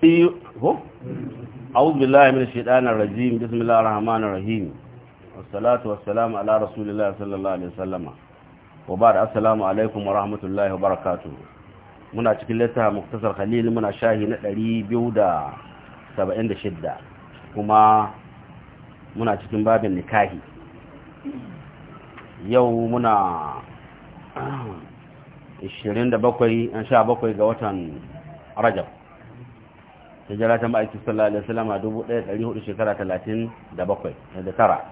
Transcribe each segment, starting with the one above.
ko a'udhu billahi minash shaitanir rajim bismillahir rahmanir rahim wassalatu wassalamu cikin littafin muktasar khalil muna shahi na 276 kuma muna cikin babin nikahi yau muna 27 ga watan rajab hijira ta ma'aiki sallallahu alaihi wasallam a 1400 shekara talatin da tara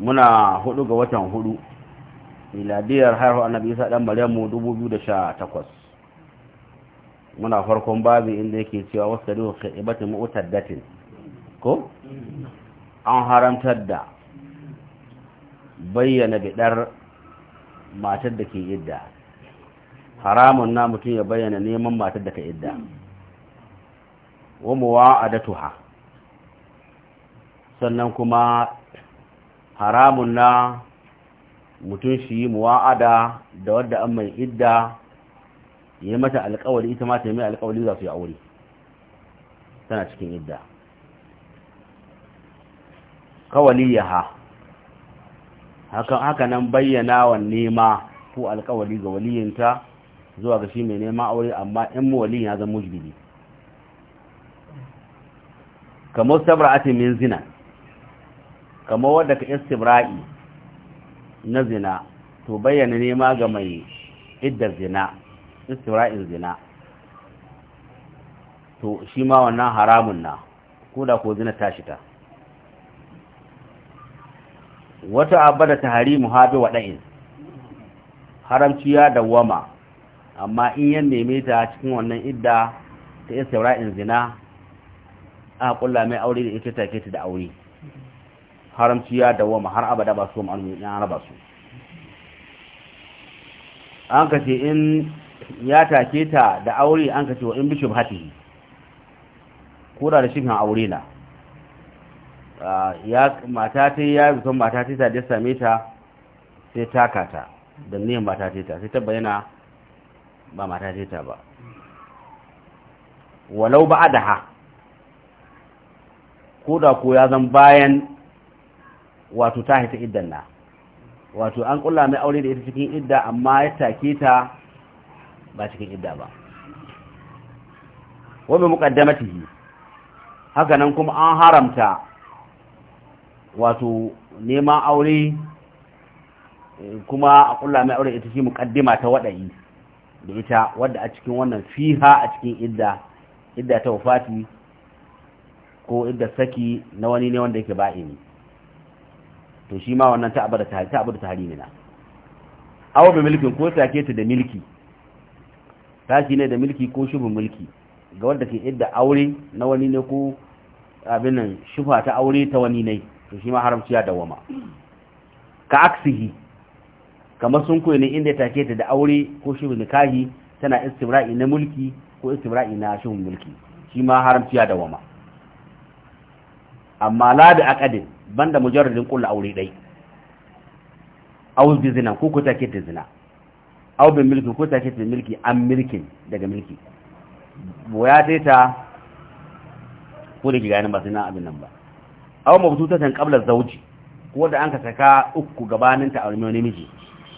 muna hudu ga watan hudu miladiyar haihu annabi isa dan maryamu 2018 muna farkon babi inda yake cewa wasu rihu khaibatin mu'taddatin ko an haramtar da bayyana bidar matar da ke idda haramun na mutum ya bayyana neman matar da ka idda wa muwa'adatuha sannan kuma haramun na mutum shi muwa'ada da wadda an mai idda yi mata alkawari ita ma ta mai alkawari za su yi aure tana cikin idda kawaliyaha hakan haka bayyana wa nema ko alkawari ga waliyinta zuwa ga shi mai nema aure amma in mu waliyin ya zama mujbili kamar sabra'atin min zina kamar wadda ka istibra'i na zina to bayyana nema ga mai iddar zina istibra'in zina to shi ma wannan haramun na ko ko zina ta shi ta wata abada ta harimu habi waɗa'in haramci ya dawwama amma in yan neme ta cikin wannan idda ta istibra'in zina a kulla mai aure da ita take ta da aure haramci ya dawama har abada ba su mu an raba su an ka ce in ya take ta da aure an ka ce wa in bishop hatihi koda da shifin aure na ya mata ta ya zo mata ta ta da same ta sai ta ta da niyan mata ta ta sai ta bayyana ba mata ta ta ba walau ba adaha ko da ko ya zan bayan wato ta hita iddan na wato an kulla mai aure da ita cikin idda amma ya take ta ba cikin idda ba wani mukaddamatihi haka nan kuma an haramta wato neman aure kuma a kulla mai aure ita ce mukaddima ta waɗayi da ita wadda a cikin wannan fiha a cikin idda idda ta wafati ko idda saki na wani ne wanda yake ba'ini to shi ma wannan ta da ta da tahrimi na aw bi milkin ko sake ta da milki tashi ne da milki ko shubun mulki ga wanda ke idda aure na wani ne ko abin nan shufa ta aure ta wani ne to shi ma haramci ya dawama ka aksihi kamar sun koyi ne inda take ta da aure ko shubun nikahi tana istibra'i na mulki ko istibra'i na shubun mulki shi ma haramci ya dawama amma la bi aqadin banda mujarradin kullu aure dai aw bi zina ko ko take ta zina aw bi milki ko take ta milki an milkin daga milki boya dai ta ko da gidanin ba zina abin nan ba aw mabtutatan qabla zawji ko da an ka saka uku gabanin ta aure wani miji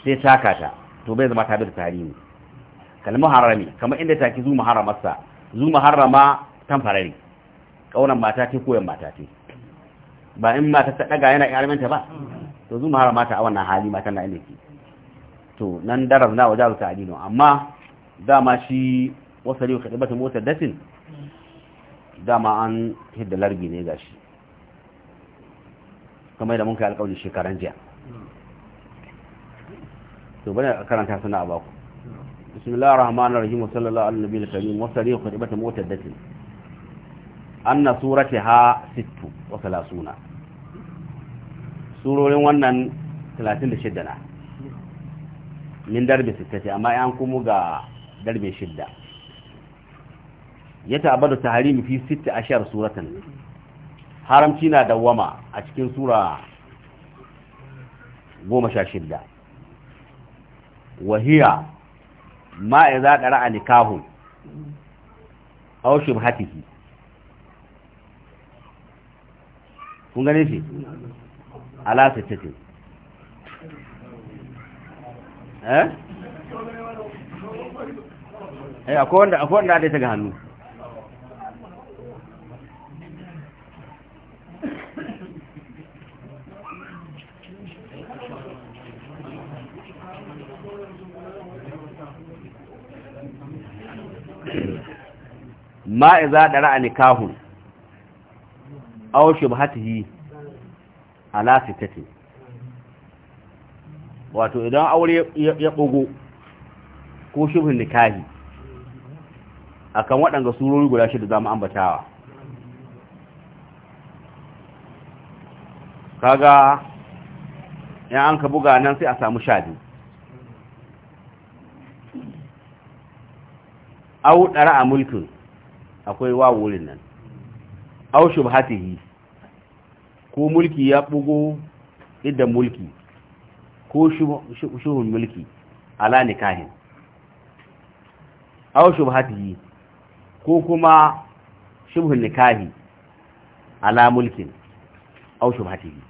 sai saka ta to bai zama ta bi tarihi kalmu harami kamar inda take zu muharramarsa zu muharrama tan farari kaunan mata ce koyan mata ce ba in mata ta daga yana yarminta ba to zuma har mata a wannan hali matan na inda ke to nan darar na wajen ta adino amma dama shi wasu riwa kaɗi motar dafin dama an hidda larbi ne ga shi kamar da mun kai alƙawli shekaran jiya to bane karanta suna a baku bismillahir rahmanir rahim sallallahu alaihi nabiyil karim wa sarihu khutbatul mutaddin anna surataha 36 surorin wannan 36 na min darbe 60 amma an kuma ga darbe shidda ya ta harimi fi a 16 suratan haramci na dawama a cikin sura 16 wahiya ma idza qara'a nikahun aw shubhatihi kun gane shi ala ce eh eh akwai wanda akwai wanda da ta ga hannu ma iza da ra'a nikahun aw shubhatihi ala sitati wato idan aure ya ɓugo ko shubhin nikahi akan waɗanda surori guda shida za mu ambatawa kaga yan an ka buga nan sai a samu shadi au ɗara a mulkin akwai wawurin nan au shubhatihi ko mulki ya bugo idan mulki ko shuhun mulki ala nikahin aw shubhatihi ko kuma shubhun nikahi ala mulkin aw shubhatihi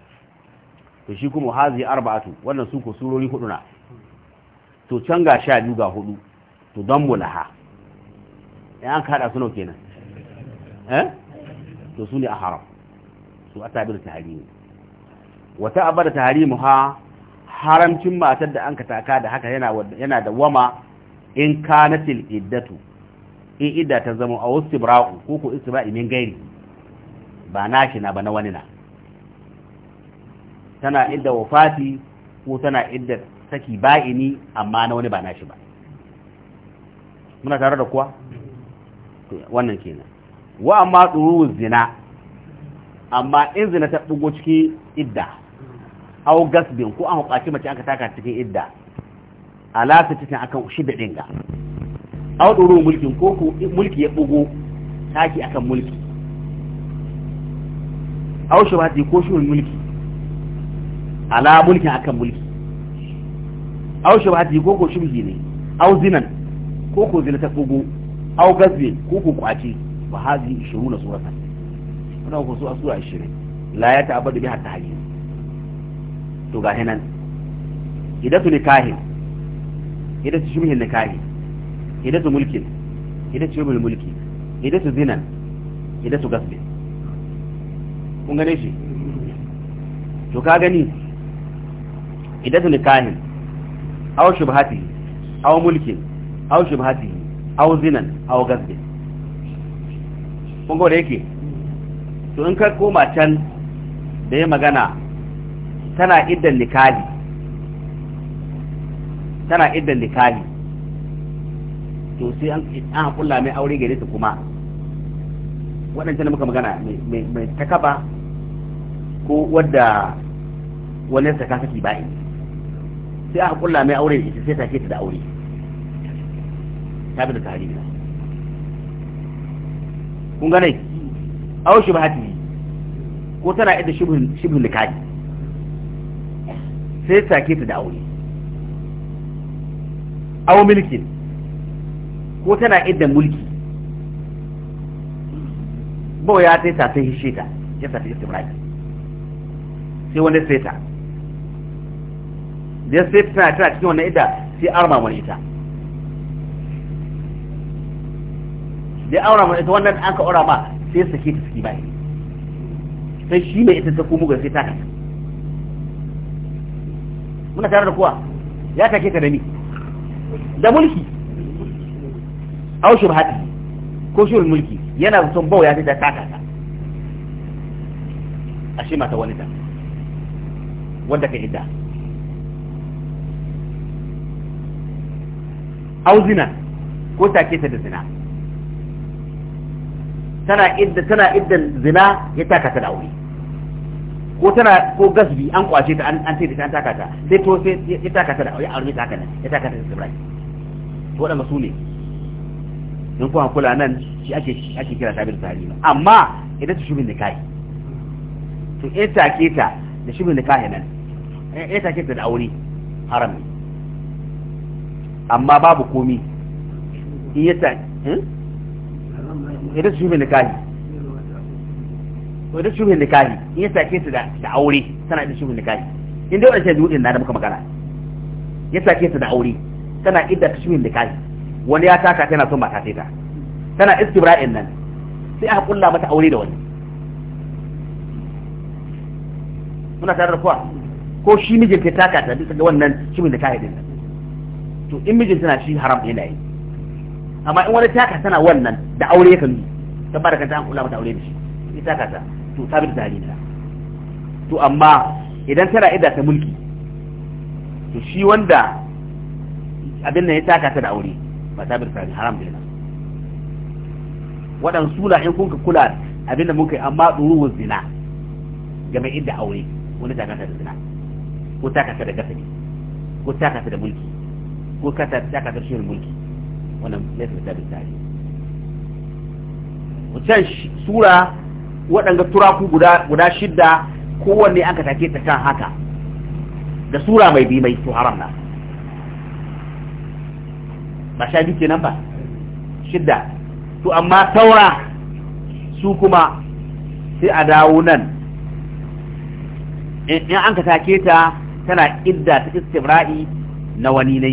to shi kuma hazi arba'atu wannan su ko surori hudu na to can ga sha biyu ga hudu to don mulaha in an hada su nau kenan eh to su ne a haram su asabiru tahrimi wata abada tahrimu ha haramcin matar da an ka taka da haka yana da wama in kanatil iddatu in idda ta zama a wasu ibra'u ko ko istibra'i min gairi ba nashi na ba na wani na tana idda wafati ko tana idda saki ba'ini amma na wani ba nashi ba muna tare da kuwa wannan kenan wa amma tsoro zina amma in zina ta ɗugo ciki idda au gasbin ko an hukaci mace aka taka cikin idda alasa cikin akan shida ɗin ga au ɗoro mulkin ko mulki ya ɗugo taki akan mulki au shubhati ko shi mulki ala mulkin akan mulki au shubhati ko ko shubhi ne au zinan ko ko zina ta ɗugo au gasbin ko ko kwaci wa hazi na suratan suna kusa a sura ashirin la ya ta'abbadu biha tahrim to ga hinan hidatu nikahin hidatu shumhin nikahi hidatu mulkin hidatu shumhin mulki hidatu zinan hidatu gasbe. kun gane shi to ka gani idatu nikahin aw shubhati aw mulkin aw shubhati aw zinan aw gasbe. kun gane da yake to in ka koma can da ya magana tana idan nikali tana idan nikali to sai an an kulla mai aure gare ta kuma waɗancan da muka magana mai takaba ko wadda wani saka saki ba'i sai aka kulla mai aure ita sai take ta da aure ta bi da tarihi kun gane Au aw shubhati ko tana idda shubhun shubhun likadi sai take ta da aure Au milkin ko tana idda mulki bawa ya ta sai shi ta ya sa ta istimraki sai wanda sai ta da sai ta tana cikin wannan idda sai arma mana ita da aura mun ita wannan an ka aura ma sai sake ta saki bayan sai shi ne ita ta komo ga sai ta kasa muna tare da kuwa ya take ta da ni da mulki au shubhati ko shul mulki yana son bau ya ta kasa ta shi mata wani ta wanda ka idda auzina ko take ta da zina tana idda tana iddan zina ya taka ta da aure ko tana ko gasbi an kwace ta an ce da an taka ta sai to sai ya taka ta da aure aure ta kana ya taka ta da Ibrahim to wadanda su ne in kuma kula nan shi ake ake kira tabir tarihi amma idan ta shubin nikahi to ya take ta da shubin nikahi nan ya take ta da aure haram ne amma babu komi in ya ta hmm? idan su shubin nikahi idan in ya sake su da aure tana idan nikahi da muka magana ya sake su da aure tana idda ta da nikahi wani ya taka tana son mata ta tana istibra'in nan sai aka kulla mata aure da wani muna tare da kuwa ko shi mijinta taka ta bisa ga wannan da nikahi din to in mijinta tana shi haram na yi amma in wani taka tana wannan da aure yakan yi ta ba da kanta an kula mata aure da shi ita taka ta to ta da tari ta to amma idan tana idda ta mulki to shi wanda abin nan ya taka ta da aure ba ta da tari haram da na waɗansu sula in kun ka kula abin da muka yi amma ɗuruwar zina ga mai idda aure wani taka ta da zina ko taka ta da gasali ko taka ta da mulki ko taka ta da shirin mulki wannan laifin ta tare wancan sura waɗanga turaku guda shidda kowanne an ka take ta kan haka da sura mai bi mai to haram na ba sha biyu kenan ba shidda to amma taura su kuma sai a dawo nan in an ka take ta tana idda ta istibra'i na wani ne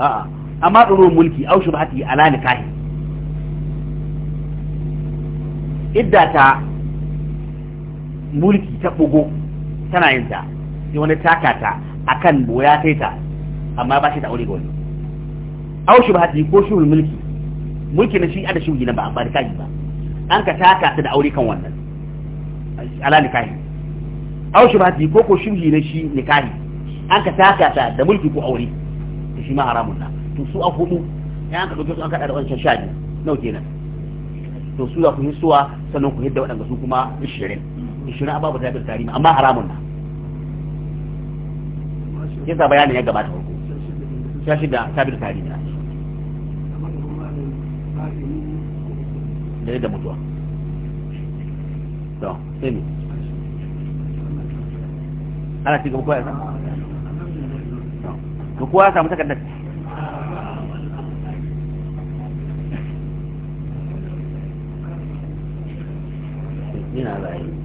a'a amma ɗoro mulki au shi bahati ala nikahi idda ta mulki ta bugo tana yin ta sai wani taka ta akan boya kai ta amma ba shi ta aure ga wani au bahati ko shi mulki mulki na shi ada shi na ba ba nikahi ba an ka taka ta da aure kan wannan ala nikahi au shi bahati ko ko shi na shi nikahi an ka taka ta da mulki ko aure to shi ma haramun na to su a hudu ya ka dauke su an kada da wancan sha biyu nau kenan to su za ku suwa sannan ku hidda waɗanda su kuma ishirin ishirin ababu da yadda tarihi amma haramun na yasa bayanin ya gabata farko sha shida sabir tarihi na da da mutuwa don sai ne ana cigaba kawai to kowa samu takardar ina rayu